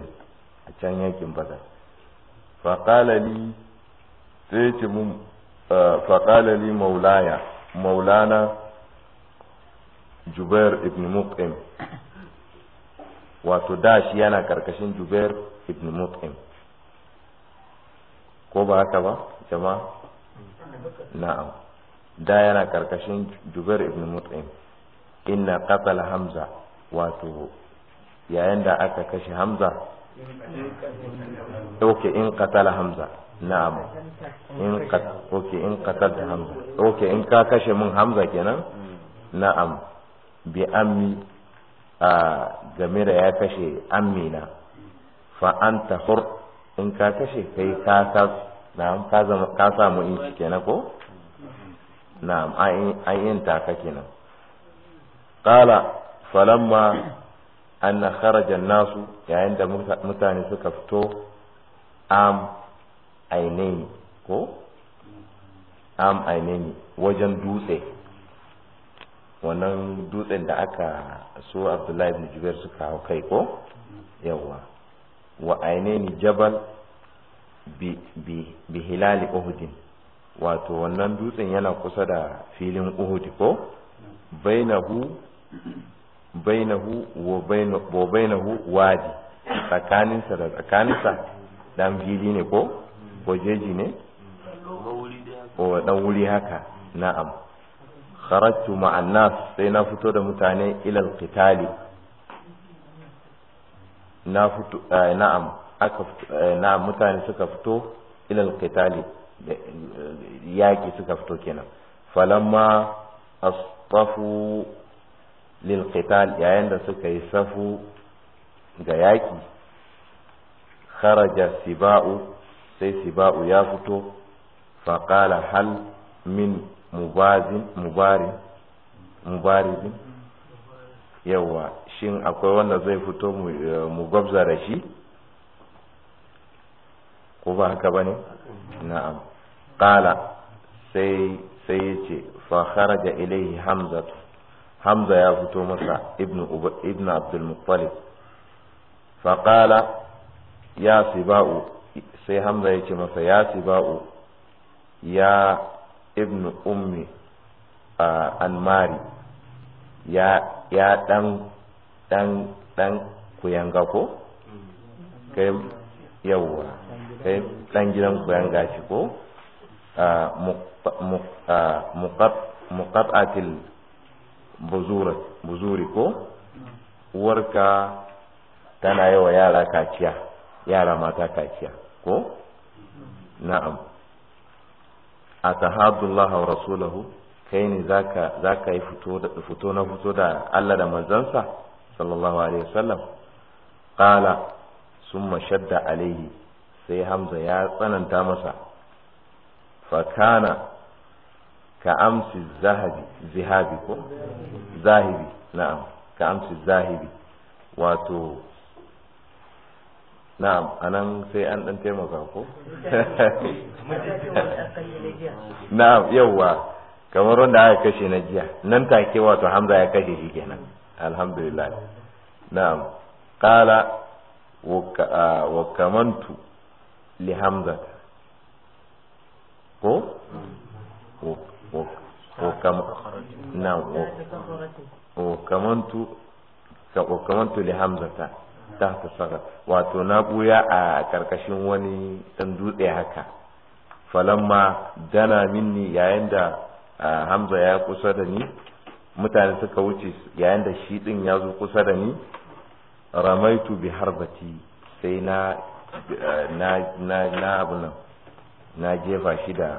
a can yakin badar faƙala sai ce mun eh, faƙala maulaya maulana jubair ibn muqim wato dashi yana karkashin jubair ibn muqim ko ba haka ba jama'a na'am da yana karkashin jubair ibn muqim inna qatala hamza wato yayin da aka kashe hamza ok in katala hamza na'am in ok in da hamza ok in ka kashe min hamza kenan na'am bi ammi a game da ya kashe ammina fa anta hur in ka kashe kai ka ka na'am ka zama ka samu in kenan ko na'am ai ai in ta ka kenan qala falamma anna kharaja nasu yayin da mutane suka fito am ainaini ko am ainaini wajen dutse wannan dutsen da aka so abdullahi ibn jubair suka hau kai ko yawa wa ainaini jabal bi bi bi hilali uhudin wato wannan dutsen yana kusa da filin uhud ko bainahu bainahu wa bainahu wadi tsakaninsa da tsakaninsa dan fili ne ko wajeji ne o dan wuri haka na'am kharajtu ma'an nas sai na fito da mutane ilal qitali na fito eh, na'am aka eh, na mutane suka fito ilal qitali eh, yaki suka fito kenan falamma astafu lil qital yayin da suka yi safu ga yaki kharaja siba'u sai siba'u ya fito fa faqala hal min mubazin mubarin mubarizin yawa shin akwai wanda zai fito mu gwabza shi ko ba haka bane na'am qala sai sai yace fa kharaja ilayhi hamzatu hamza ya fito masa ibn abdul muttalib faƙala ya siba'u sai hamza ya ce masa ya siba'u ya ibn ummi anmari ya ɗan ɗan ɗan kuyanga ko kai yawwa kai ɗan gidan kuyanga shi ko muqattatil buzuri ko uwarka tana yawa yara kaciya yara mata kaciya ko na'am a wa rasulahu kai ne za ka yi fito na fito da Allah da manzansa sallallahu alaihi wasallam qala summa shadda alaihi sai hamza ya tsananta masa fakana ka amsi zahabi zihabi ko zahibi na'am ka amsi zahibi wato na'am anan sai an dan taimaka ko na'am yawa kamar wanda aka kashe na jiya nan take wato hamza ya kashe shi kenan alhamdulillah na'am qala wa kamantu li hamza ko وكمنت وكمنت ta. Ta saka, wato na buya a karkashin wani dan dutse haka falamma dana minni yayin da hamza ya kusa da ni mutane suka wuce yayin da shi din ya zo kusa da ni ramaitu bi harbati sai na na na na na jefa shi da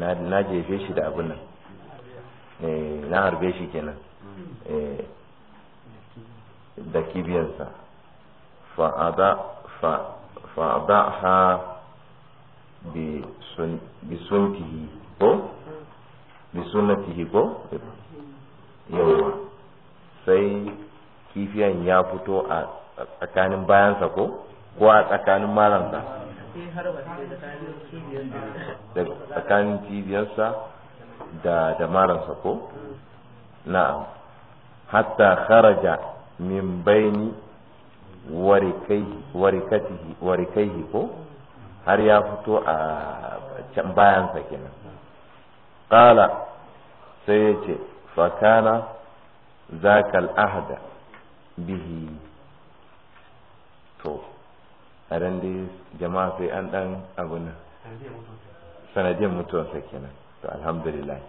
na jefe shi da abin nan eh, na harbe shi kenan eh, da kibiyarsa fa'ada ha bi sunfihi ko bi sunnatihi ko yawa sai kifiyan ya fito a tsakanin bayansa ko ko a tsakanin malansa tsakanin cibiyarsa da damaransa ko na'am hatta kharaja min baini warikaihi ko har ya fito a can bayansa kenan qala sai ya ce fakana zakal ahda bihi to a ran dai jama'a sai an dan abu nan sanadiyar mutuwarsa kenan to alhamdulillah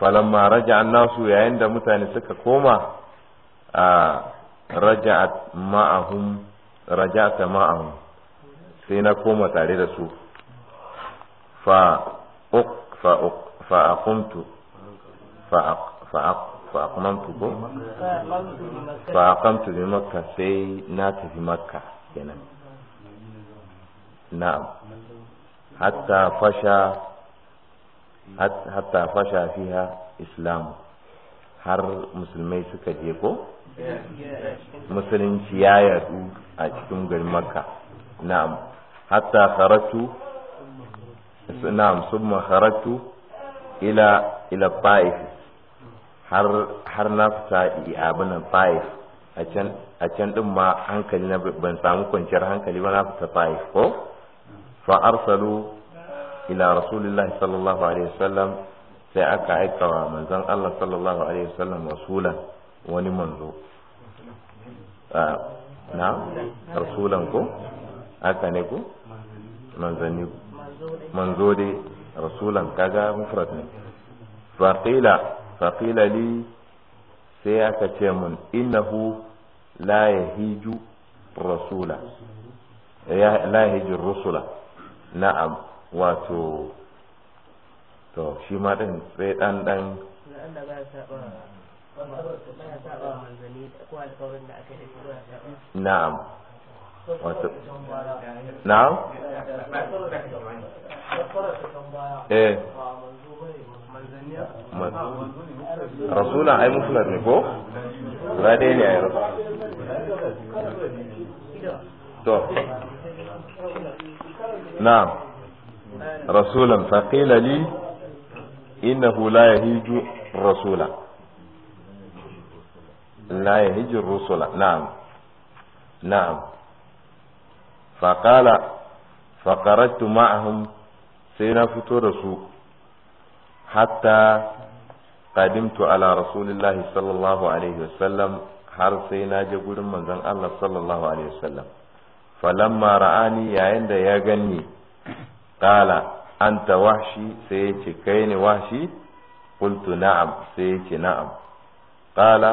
lamma raja nasu yayin da mutane suka koma a raja'at ma'ahum raja'ata ma'ahum sai na koma tare da su fa uk fa uk fa fa aq fa aq fa ko fa bi makka sai na tafi makka kenan na'am hatta fasha hatta fasha fiha islam har musulmai suka je ko musulunci ya yadu a cikin garin makka na'am hatta kharatu na'am summa kharatu ila ila ta'if har har na fita abin ta'if a can a can din ma hankali na ban samu kwanciyar hankali ba na fita ta'if ko fa arsalu ila rasulillahi sallallahu alaihi wasallam sai aka aika wa manzon Allah sallallahu alaihi wasallam rasula wani manzo na rasulan ko haka ne ko manzanni manzo dai rasulan kaga mufrad ne faqila faqila li sai aka ce mun innahu la yahiju rasula la yahiju rasula. na'am wato to shi ma din sai dan dan na'am wato na'am eh rasulan ai muflad ne ko guda dai ne a yi to نعم رسولا فقيل لي إنه لا يهيج الرسول لا يهيج الرسول نعم نعم فقال فقرأت معهم سينا فتورسو حتى قدمت على رسول الله صلى الله عليه وسلم حرسينا جبور من je gurin manzon Allah sallallahu alaihi falamma ra'ani yayin da ya ganni qala anta wahshi sai ya ce kai ne wahshi qultu na'am sai ya ce na'am qala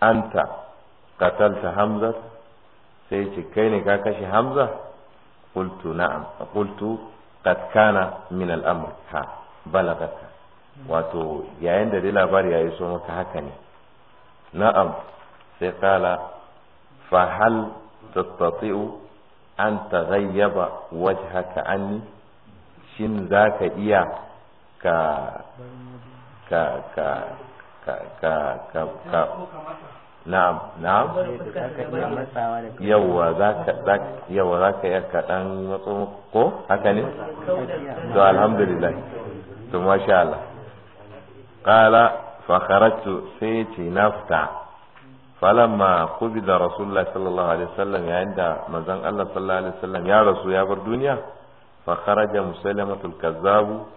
anta qatalta hamza sai ya ce kai ne ka kashe hamza qultu na'am qultu qad kana min al-amr ha balagaka wato yayin da dai labari ya iso maka haka ne na'am sai qala fa hal tastati'u an taghayyaba wajhaka anni shin zaka iya ka ka ka ka ka ka ka na'am na'am yawa zaka yawa zaka iya ka dan matso ko haka ne to alhamdulillah to masha Allah qala fa kharajtu sayti nafta falamma da rasulullah sallallahu alaihi wasallam yayin da manzon Allah sallallahu alaihi wasallam ya rasu ya bar duniya fa kharaja musailamatul kazzabu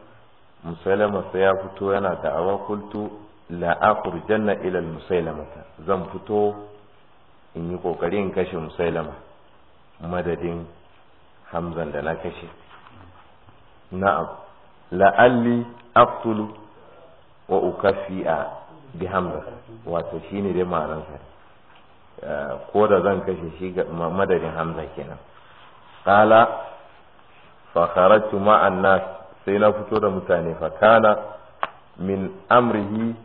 musalama sai ya fito yana da'awa kultu la akhrujanna ila musailamata zan fito in yi kokari in kashe musalama madadin hamzan da na kashe na'am la'alli aqtulu wa ukaffi'a bi hamza wato shine dai ma'anar ko da zan kashe shi ga madadin hamza kenan qala fa kharajtu ma nas sai na fito da mutane fa kana min amrihi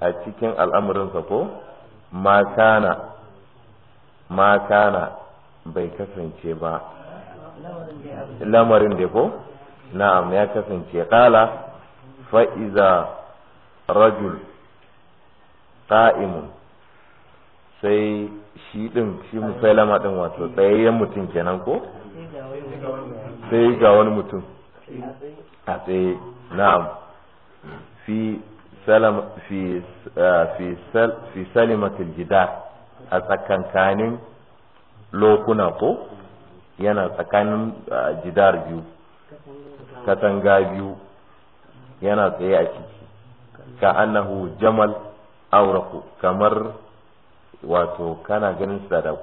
a cikin sa ko ma kana ma kana bai kasance ba lamarin da ko na'am ya kasance qala fa iza rajul qa'imun sai shi din shi musailama din wato tsayayyen mutum kenan ko sai ga wani mutum a tsaye na'am fi salama fi ah, fi sal fi salimatul jidar a tsakankanin lokuna ko yana tsakanin ah, jidar biyu katanga biyu yana tsaye a ciki ka annahu jamal auraku kamar wato kana ganin su da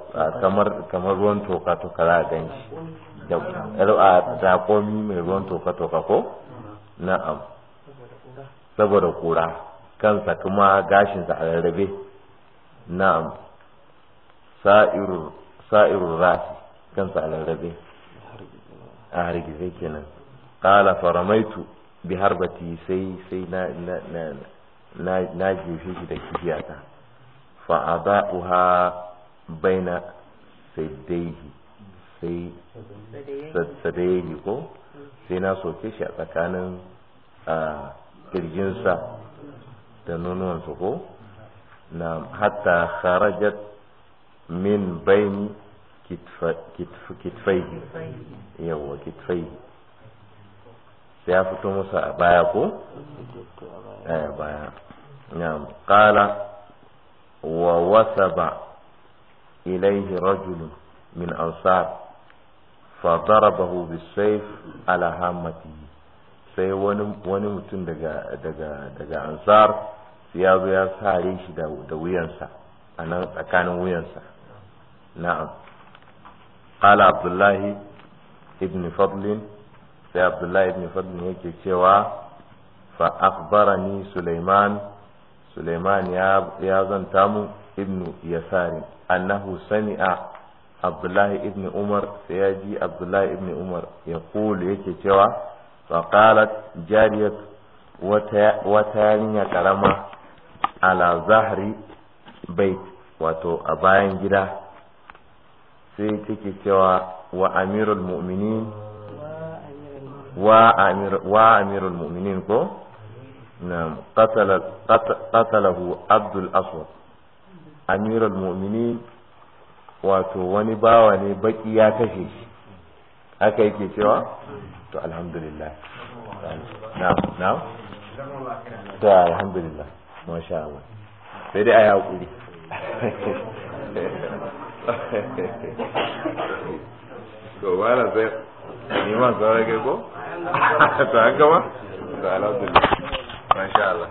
kamar kamar ruwan toka toka za a gan shi da komi mai ruwan toka toka ko na'am saboda kura kansa kuma gashinsa a rarrabe na'am Sa'iru, Sa'iru rasi kansa a rarrabe a kenan qala faramaitu bi harbati sai sai na na na na jefe shi da na bai baina sadehi sai sadehi ko sai na soke shi a tsakanin kirjinsa da nonuwansa ko na hatta harajar min bai kitfaihi yawa kitfaihi sai ya fito musa a baya ko a baya na kala wa wasaba ilaihi rajulun min ansar فضربه بالسيف على هامته sai wani mutum daga ansar ya zo ya sare shi da wuyansa anan tsakanin wuyansa na'am qala abdullahi ibn fadlin sai abdullahi ibn fadlin yake cewa fa akhbarani sulaiman Suleiman ya zanta mu ibnu yasari annahu sami'a Abdullahi ibn Umar sai ya ji Abdullahi ibn Umar ya kulu yake cewa faqalat jariyat wata yarinya karama ala zahri bait wato a bayan gida sai take cewa wa amirul mu'minin wa amirul mu'minin ko نعم قتل قتله عبد الاسود امير المؤمنين wato wani bawa ne baki ya kashe يكي تيوا تو cewa to alhamdulillah نعم تو الحمد alhamdulillah masha Allah sai dai a hakuri to وانا sai ni ma sai ko ta an Ta alhamdulillah ما شاء الله